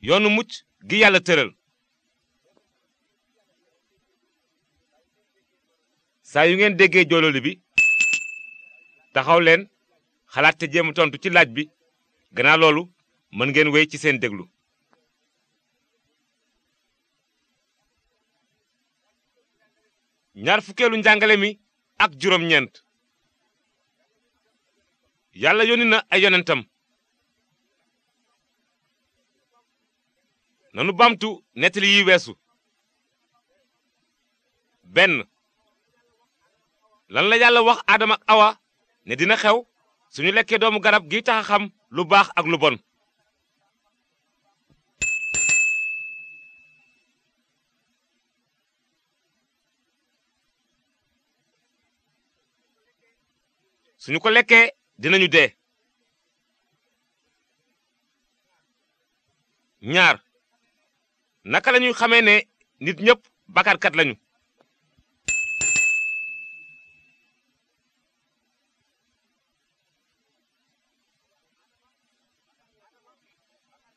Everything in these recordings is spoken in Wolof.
yoonu mucc gi yàlla tëral saa yu ngeen déggee joololi bi taxaw leen xalaat te jéem tontu ci laaj bi gannaaw loolu mën ngeen wéy ci seen déglu ñaar fukkeelu njàngale mi ak juróom-ñeent yàlla yónni na ay yonentam nanu bamtu nettali yi weesu benn lan la yàlla wax aadama ak awa ne dina xew suñu lekkee doomu garab gi tax xam lu baax ak lu bon suñu ko lekkee dinañu dee ñaar naka lañuy xamee ne nit ñëpp bakkaarkat lañu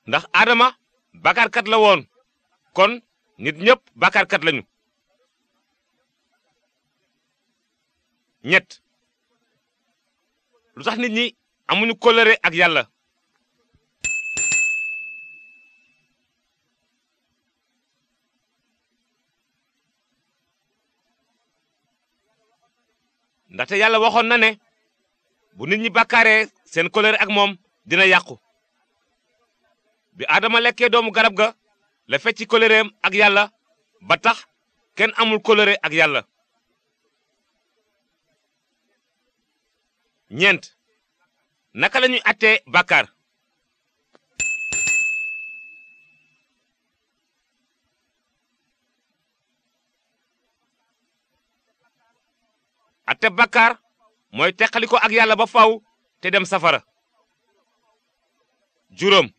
ndax Adama bakkaarkat la woon kon nit ñépp bakkaarkat lañu ñett lu tax nit ñi amuñu kóllëre ak yàlla ndaxte yàlla waxoon na ne bu nit ñi bàkkaaree seen colère ak moom dina yàqu bi aadama lekkee doomu garab ga la fecci kolereem ak yàlla ba tax kenn amul kolere ak yàlla ñeent naka lañuy attee bàkkaar atte bakkaar mooy teqali ko ak yàlla ba faw te dem safara juróom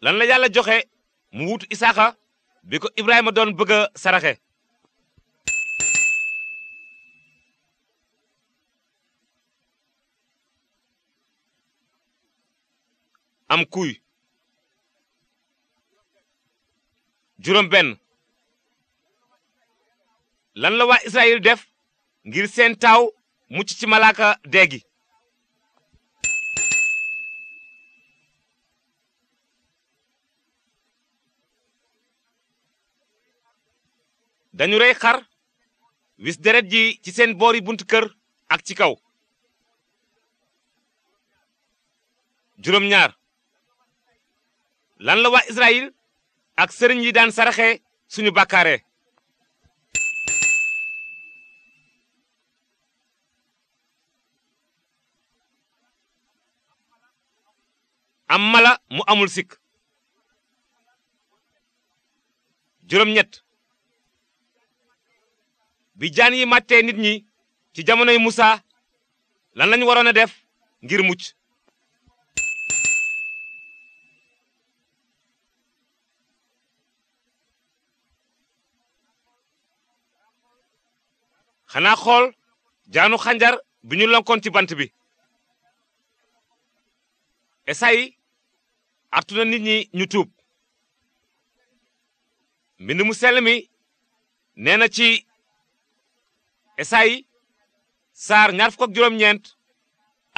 lan la yàlla joxe mu wuutu isaaxa bi ko ibrahima doon bëgg a saraxe am kuy juróom benn lan la waa israyil def ngir seen taaw mucc ci malaaka dee gi dañu rey xar wis deret ji ci seen boori buntu kër ak ci kaw juróom ñaar lan la waa Israyil ak sëriñ yi daan saraxe suñu bàkkaare am mala mu amul sikk juróom-ñett bi jaan yi matte nit ñi ci jamonoy Musaa lan lañ waroon a def ngir mucc xanaa xool jaanu xànjar bi ñu lonkoon ci bant bi esayi artu nit ñi ñu tuub mbind mu sell mi nee na ci esayi saar ñaar fukk ak juróom-ñeent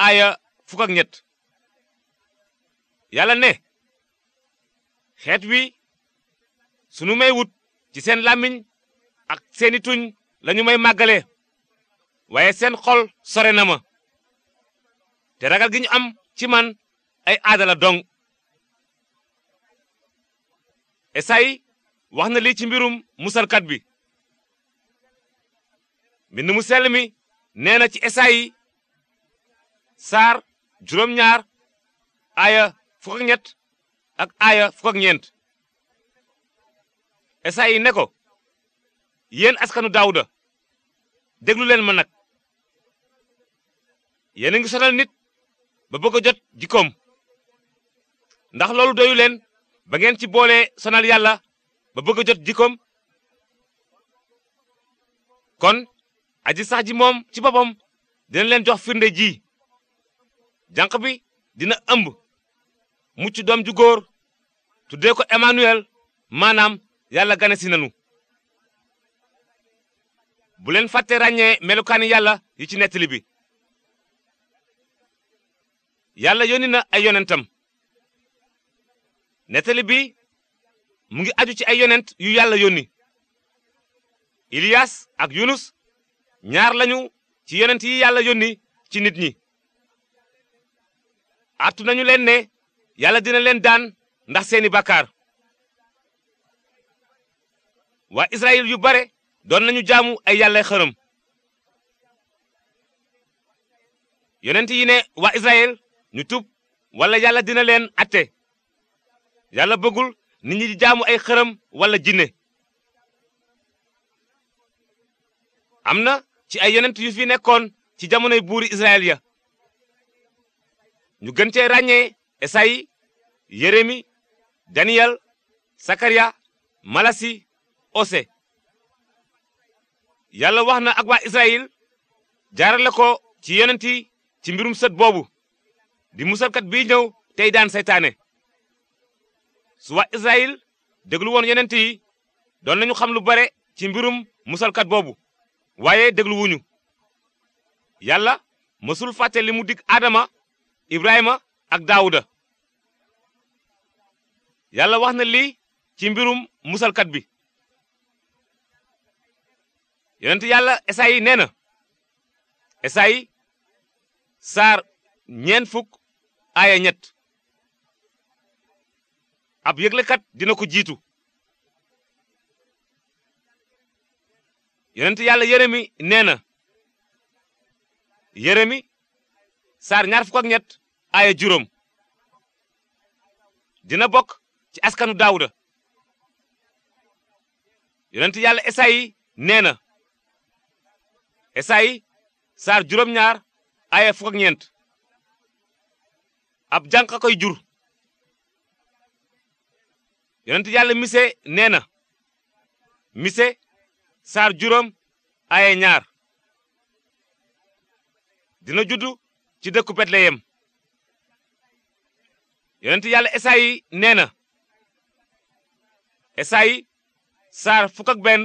aaya fukk ak ñett yàlla ne xeet wi sunu may wut ci seen làmmiñ ak seeni tuñ lañu may màggale waaye seen xol sore na ma te ragal gi am ci man ay aadala dong Esayi wax na lii ci mbirum musalkat bi mbind mu sell mi nee na ci Esayi saar juróom-ñaar aaya fukk ak ñett ak aaya fukk ak ñeent Esayi ne ko yéen askanu Daawuda déglu leen ma nag yéen ngi sonal nit ba bëgg jot jikkoom ndax loolu doyu ba ci boole sonal yàlla ba bëgg jot jikkoom kon aji sax moom ci boppam dina leen jox firnde ji jànq bi dina ëmb mucc doom ju góor tuddee ko Emmanuel maanaam yàlla gane si nanu bu leen fàtte ràññee melukaani yàlla yi ci nettali bi yàlla yónni na ay yonentam nettali bi mu ngi aju ci ay yonent yu yàlla yónni Ilias ak Yunus ñaar lañu ci yonent yi yàlla yónni ci nit ñi artu nañu leen ne yàlla dina leen daan ndax seeni bàkkaar waa Israyil yu bare doon nañu jaamu ay yàlla xërëm yonent yi ne waa Israyil ñu tub walla yàlla dina leen atte yàlla bëggul ni ñi di jaamu ay xërëm wala jinne am na ci ay yonent yu fi nekkoon ci jamonoy buuri Israël ya ñu gën cee ràññee Esayi Yeremi Daniyal Sakariya Malasi Ose yàlla wax na ak waa Israël jaarale ko ci yonent ci mbirum sët boobu di musalkat bii ñëw tey daan seytaane su waa Israël déglu woon yi doon nañu xam lu bare ci mbirum musalkat boobu waaye déglu wuñu yàlla mësul fàtte li mu dig Adama Ibrahima ak Daawuda yàlla wax na li ci mbirum musalkat bi yonent yàlla Esayi nee na Esayi saar ñeent fukk aaya ñett ab yëglekat dina ko jiitu yonent yàlla Yeremi nee na Yeremi saar ñaar fukk ak ñett aaya dina bokk ci askanu Daawuda yonent yàlla Esayi nee na Esayi saar juróom ñaar aaya fukk ak ab jànq koy jur yonent yàlla mise nee na mise saar juróom aye ñaar dina judd ci dëkku betleyem yonent yàlla esaayi neena na esaayi saar fukk benn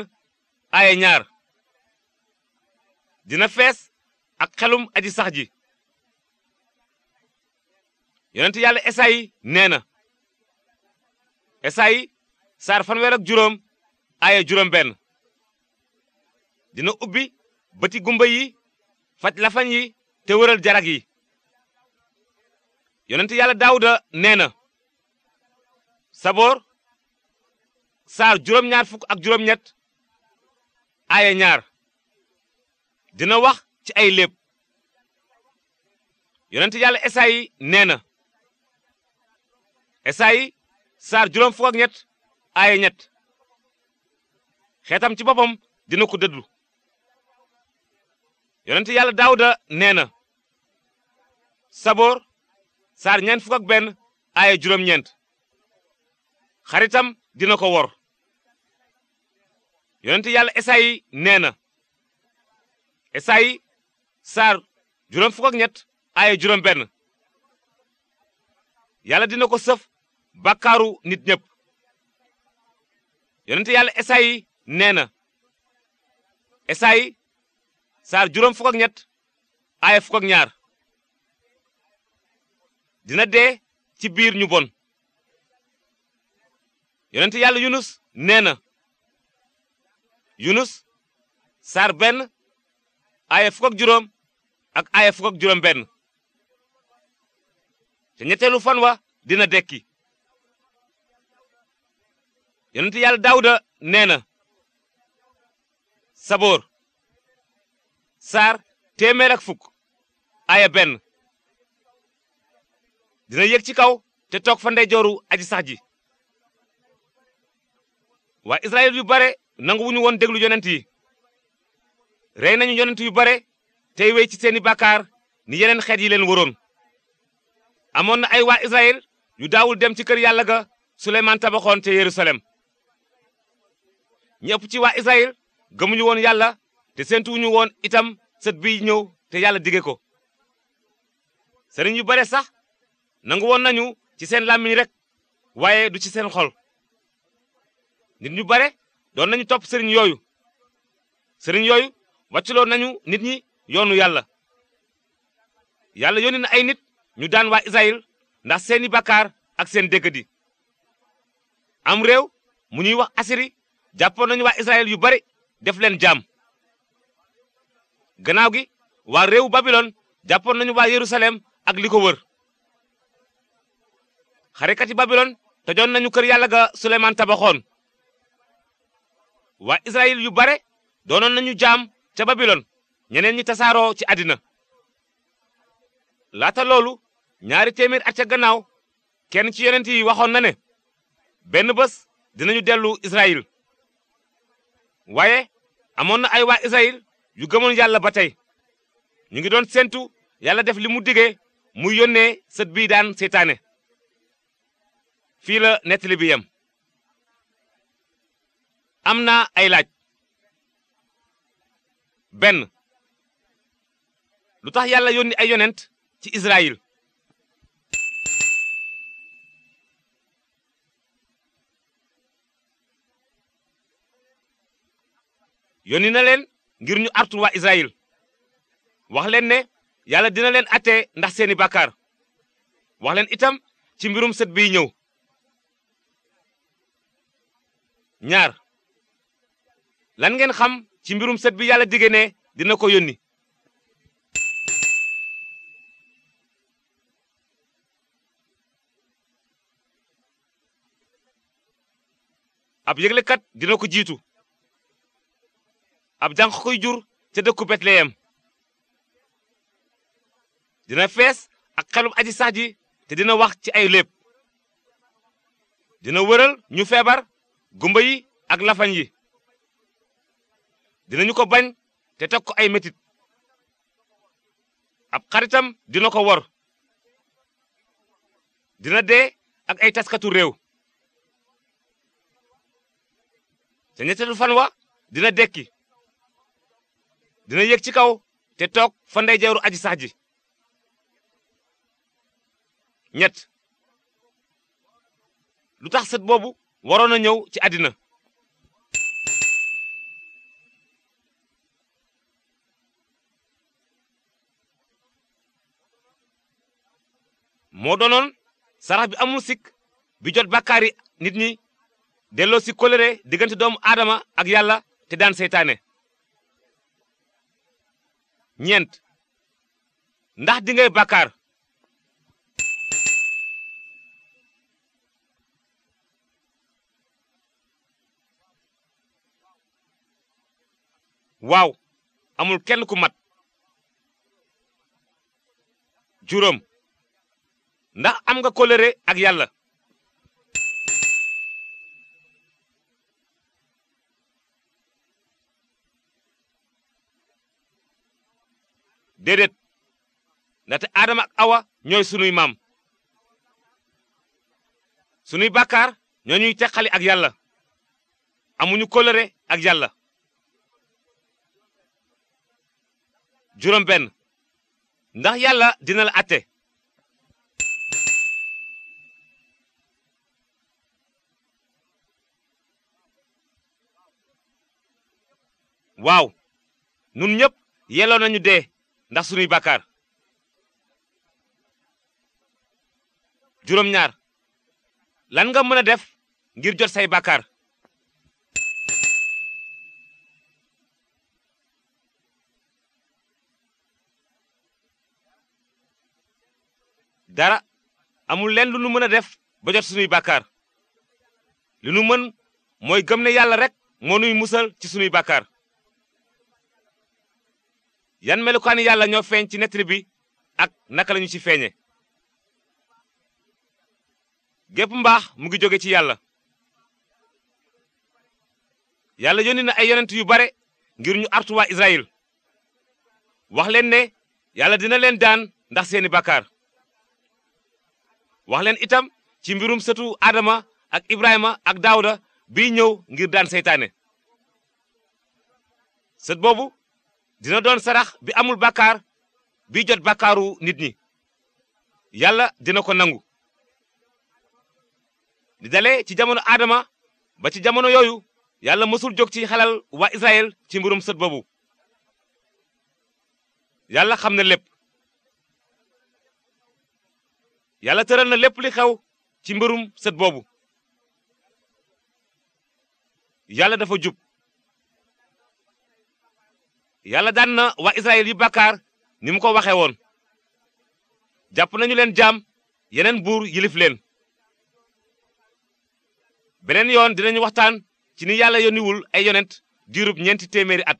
aye ñaar dina fees ak xelum aji sax ji yonent yàlla esaayi nee na Esayi saar fanweer ak juróom aaya juróom benn dina ubbi bëti gumba yi faj lafañ yi te wëral jarag yi yonent yàlla daawuda nee na saboor saar juróom-ñaar fukk ak juróom-ñett aaya ñaar dina wax ci ay léeb yonent yàlla esayi nee na esayi saar juróom fukk ak aaye ñett xeetam ci boppam dina ko dëddu yonent yàlla dawda nee na saboor saar ñeent fukk benn aaye juróom-ñeent xaritam dina ko wor yonent yàlla esayi nee na esayi saar juróom fukk ak aaye juróom benn yàlla dina ko sëf bakkaaru nit ñépp yonente yàlla esayi nee na esayi saar juróom fukk ñett aaya fukk ñaar dina dee ci biir ñu bon yonente yàlla yunus nee na yunus saar benn aaya fukk ak juróom ak aaya fukk juróom benn te ñetteelu fan wa dina dekki yonent yàlla daawuda nee na saboor saar téeméer ak fukk aaya benn dina yéeg ci kaw te toog fa ndeyjooru aji sax ji waa israyil yu bare nanguwuñu woon déglu yonent yi rey nañu yonent yu bare tey wey ci seeni bakaar ni yeneen xeet yi leen waroon amoon na ay waa israyil yu daawul dem ci kër yàlla ga suleymaan tabaxoon ca yerusalem ñi ëpp ci waa Israël gëmuñu woon yàlla te séentuwuñu woon itam sët biy ñëw te yàlla dige ko sëriñ yu bare sax nangu woon nañu ci seen làmmiñ rek waaye du ci seen xol nit ñu bare doon nañu topp sëriñ yooyu sëriñ yooyu wàcculoo nañu nit ñi yoonu yàlla yàlla yónni na ay nit ñu daan waa Israël ndax seeni bakaar ak seen déggadi am réew mu ñuy wax asiri jàppoon nañu waa Israël yu bari def leen jaam gannaaw gi waa réewu Babilon jàppoon nañu waa Yerusalem ak li ko wër xarekati Babilon tojoon nañu kër yàlla ga Suleymaan tabaxoon waa Israël yu bare doonoon nañu jaam ca Babilon ñeneen ñi tasaaroo ci àddina laata loolu ñaari téeméer at ca gannaaw kenn ci yonent yi waxoon na ne benn bës dinañu dellu Israël waaye amoon na ay waa Israyil yu gëmoon yàlla ba tey ñu ngi doon séntu yàlla def li mu digee mu yónnee sët bii daan seytaane fii la nettali bi yem am na ay laaj benn lu tax yàlla yónni ay yonent ci Israyil yónni na leen ngir ñu artul waa Israël wax ne yàlla dina leen attee ndax seeni bàkkaar wax leen itam ci mbirum sët biy ñëw ñaar lan ngeen xam ci mbirum sët bi yàlla dige ne dina ko yónni ab yëglekat dina ko jiitu ab jànq koy jur ca dëkku betleyem dina fees ak xelum aji sax ji te dina wax ci ay lépp dina wëral ñu feebar gumba yi ak lafañ yi dinañu ko bañ te teg ko ay metit ab xaritam dina ko wor dina dee ak ay taskatu réew te ñetteelu fan wa dina dekki dina yéeg ci kaw te toog fa ndeyjooru aji sax ji ñett lu tax sët boobu waroon a ñëw ci àddina moo doonoon sarax bi amul sikk bi jot bàkkaari nit ñi delloo si diggante doomu aadama ak yàlla te daan seytaane ñeent ndax di ngay bàkkaar waaw amul kenn ku mat juróom ndax am nga kóllëre ak yàlla déedéet ndaxte aadama ak awa ñooy sunuy maam sunuy bàkkaar ñooñuy ñuy teqali ak yàlla amuñu kóllëre ak yàlla juróom benn ndax yàlla dina la atte waaw nun ñëpp yelloo nañu dee ndax sunuy bàkkaar juróom-ñaar lan nga mën a def ngir jot say bàkkaar dara amul leen lu nu mën a def ba jot sunuy bàkkaar li nu mën mooy gëm ne yàlla rek moo nuy musal ci sunuy bàkkaar yan melukaani yàlla ñoo feeñ ci nettali bi ak naka lañu ci feeñe gépp mbaax mu ngi jóge ci yàlla yàlla yónni na ay yonent yu bare ngir ñu artu waa Israyil wax leen ne yàlla dina leen daan ndax seeni bàkkaar waxleen itam ci mbirum sëtu Adama ak Ibrahima ak Daawuda bi ñëw ngir daan seytaane sët boobu dina doon sarax bi amul bàkkaar bi jot bàkkaaru nit ñi yàlla dina ko nangu di dale ci jamono aadama ba ci jamono yooyu yàlla mësul jóg ci xelal waa Israël ci mbirum sët boobu yàlla xam na lépp yàlla tëral na lépp li xew ci mbirum sët boobu yàlla dafa jub yàlla daan na wa Israël yi bàkkaar ni mu ko waxee woon jàpp nañu leen jaam yeneen buur yilif leen beneen yoon dinañu waxtaan ci ni yàlla yónniwul ay yonent diirub ñeenti téeméeri at